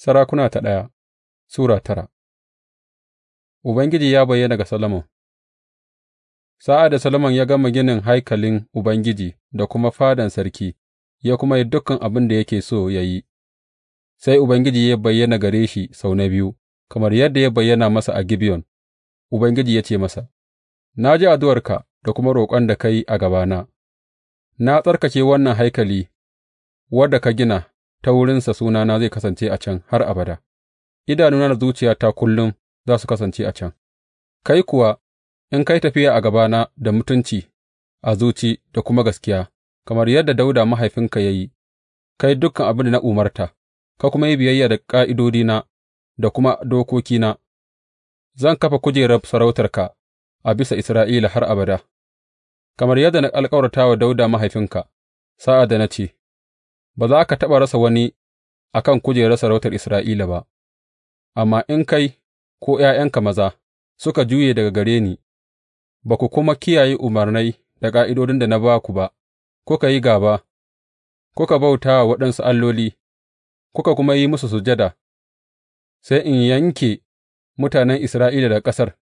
Sarakuna ta ɗaya Sura tara Ubangiji ya bayyana ga Salomon. Sa'ad da Salomon ya gama ginin haikalin Ubangiji da kuma fadan sarki, ya kuma yi dukan abin da yake so ya yi, sai Ubangiji ya bayyana gare shi sau na biyu, kamar yadda ya bayyana masa a Gibeon, Ubangiji ya ce masa, Na ji addu'arka da kuma roƙon da ka yi a gabana, na tsarkake wannan haikali wadda ka gina ta wurinsa sunana zai kasance a can har abada, idanuna da zuciyata kullum za su kasance a can, kai kuwa in kai tafiya a gabana da mutunci a zuci da kuma gaskiya, kamar yadda Dauda mahaifinka ya yi, kai dukkan abin da na umarta, ka kuma yi biyayya da ƙa'idodina da kuma dokokina, zan kafa kujerar sarautarka a bisa Isra'ila har abada, kamar yadda na alkawarta wa dauda mahaifinka, sa'ad da na ce. ba za ka taɓa rasa wani a kan kujerar sarautar Isra'ila ba, amma in kai ko ’ya'yanka maza suka juye daga gare ni, ba ku kuma kiyaye umarnai da ƙa'idodin da na ba ku ba, kuka yi gaba kuka bauta wa waɗansu alloli, kuka kuma yi musu sujada, sai in yanke mutanen Isra'ila daga ƙasar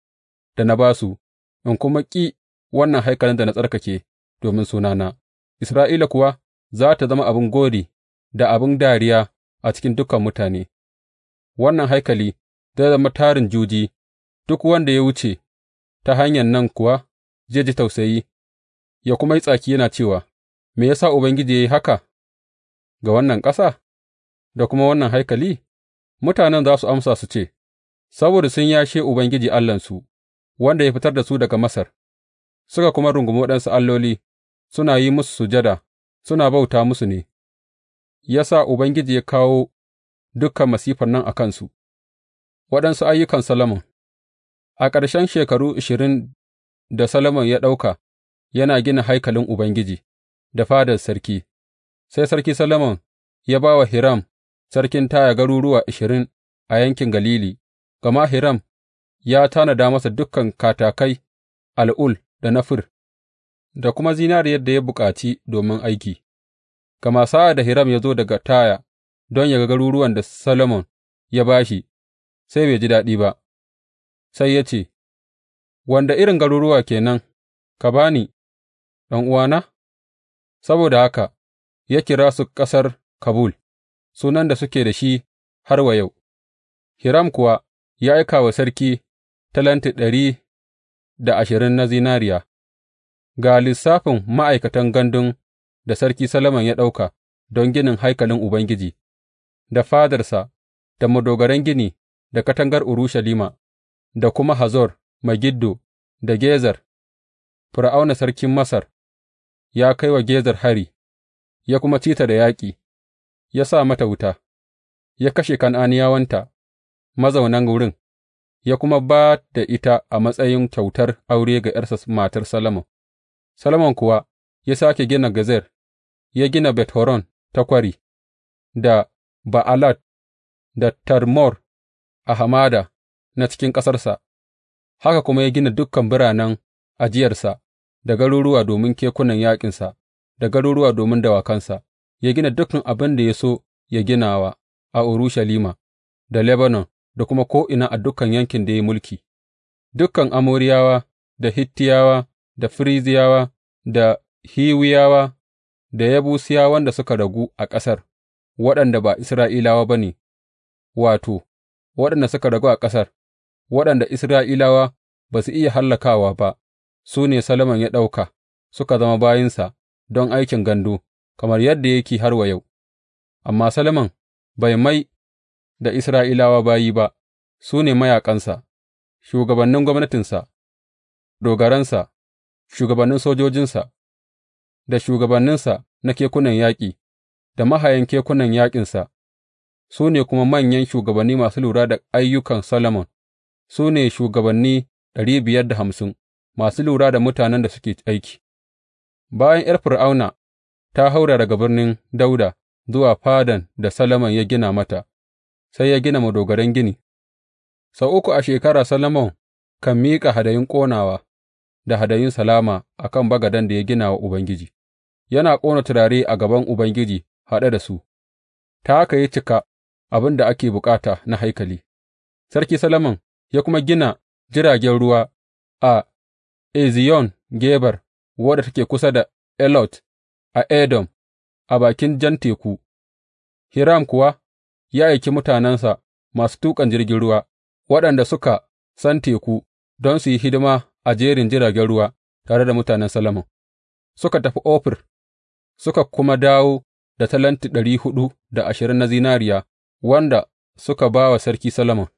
da na ba su, in kuma ƙi wannan haikalin da na tsarkake domin sunana, Isra'ila kuwa za tă zama abin gori da abin dariya a cikin dukan mutane, wannan haikali zai zama tarin juji, duk wanda ya wuce ta hanyar nan kuwa zai ji tausayi, ya kuma yi tsaki yana cewa, Me ya sa Ubangiji ya yi haka ga wannan ƙasa da kuma wannan haikali? Mutanen za su amsa su ce, Saboda sun yashe Ubangiji Allahnsu, wanda ya fitar da su daga Masar, suka kuma rungumi waɗansu alloli, suna yi musu sujada. suna bauta musu ne, ya sa Ubangiji ya kawo dukan masifan nan a kansu, waɗansu ayyukan Solomon A ƙarshen shekaru ashirin da Solomon ya ɗauka yana gina haikalin Ubangiji da fadar sarki, sai Sarki Solomon ya ba wa Hiram sarkin Taya garuruwa ashirin a yankin Galili, gama Hiram ya tanada masa dukan katakai al'ul da na fir. da kuma zinariyar da ya bukaci domin aiki, gama sa'ad da Hiram ya zo daga Taya don ya ga garuruwan da Solomon ya ba shi, sai bai ji daɗi ba, sai ya ce, Wanda irin garuruwa ke nan, ka ba ni, ɗan'uwana? Saboda haka ya kira su ƙasar Kabul, sunan da suke da shi har wa yau, Hiram kuwa ya aika wa sarki talenti ɗari da ashirin na zinariya. Ga lissafin ma'aikatan gandun da Sarki Solomon ya ɗauka don ginin haikalin Ubangiji, da fadarsa, da madogaran gini, da katangar Urushalima, da kuma Hazor, Megiddo, da Gezer, Fir'auna sarkin Masar ya kai wa Gezer hari, ya kuma ci ta da yaƙi, ya sa mata wuta, ya kashe Kan'aniyawanta, mazaunan wurin, ya kuma ba da ita a matsayin kyautar aure ga ’yarsa matar Solomon. Solomon kuwa ya sāke gina Gezer, ya gina Bet Horon ta Kwari, da Ba'alat, da Tarmor a hamada na cikin ƙasarsa, haka kuma ya gina dukan biranen ajiyarsa, da garuruwa domin kekunan yaƙinsa, da garuruwa domin dawakansa, ya gina dukan abin da ya so ya ginawa a Urushalima, da Lebanon, da kuma ko'ina a dukkan yankin da ya yi mulki, dukkan Amoriyawa, da Hittiyawa, da firiziyawa da Hiwiyawa, da Yebusiyawan da suka ragu a ƙasar, waɗanda ba Isra'ilawa ba ne, wato, waɗanda suka ragu a ƙasar, waɗanda Isra'ilawa ba su iya hallakawa ba, su ne Solomon ya ɗauka suka zama bayinsa don aikin gandu, kamar yadda yake har wa yau, amma Solomon bai mai da Isra'ilawa bayi ba, su ne mayaƙansa, shugabannin gwamnatinsa, dogaransa. shugabannin sojojinsa, da shugabanninsa na kekunan yaƙi, da mahayan kekunan yaƙinsa, su ne kuma manyan shugabanni masu lura da ayyukan Solomon, su ne shugabanni ɗari biyar da hamsin masu lura da mutanen da suke aiki. Bayan ’yar Fir'auna ta haura daga birnin Dauda zuwa fadan da Solomon ya gina mata, sai ya gina madogaran gini. Sau uku a shekara Solomon kan miƙa hadayin ƙonawa. da hadayun salama a kan bagaden da ya gina wa Ubangiji, yana ƙona turare a gaban Ubangiji haɗe da su, ta haka ya cika abin da ake bukata na haikali. Sarki Solomon ya kuma gina jiragen ruwa a Eziyon Geber, wadda take kusa da Elot a Edom, a bakin Jan Teku, Hiram kuwa ya aiki mutanensa masu tuƙan jirgin ruwa, waɗanda suka san teku don su yi hidima a jerin jiragen ruwa tare da mutanen Solomon, suka tafi Ofir suka kuma dawo da talenti ɗari huɗu da ashirin na zinariya wanda suka ba wa Sarki Solomon.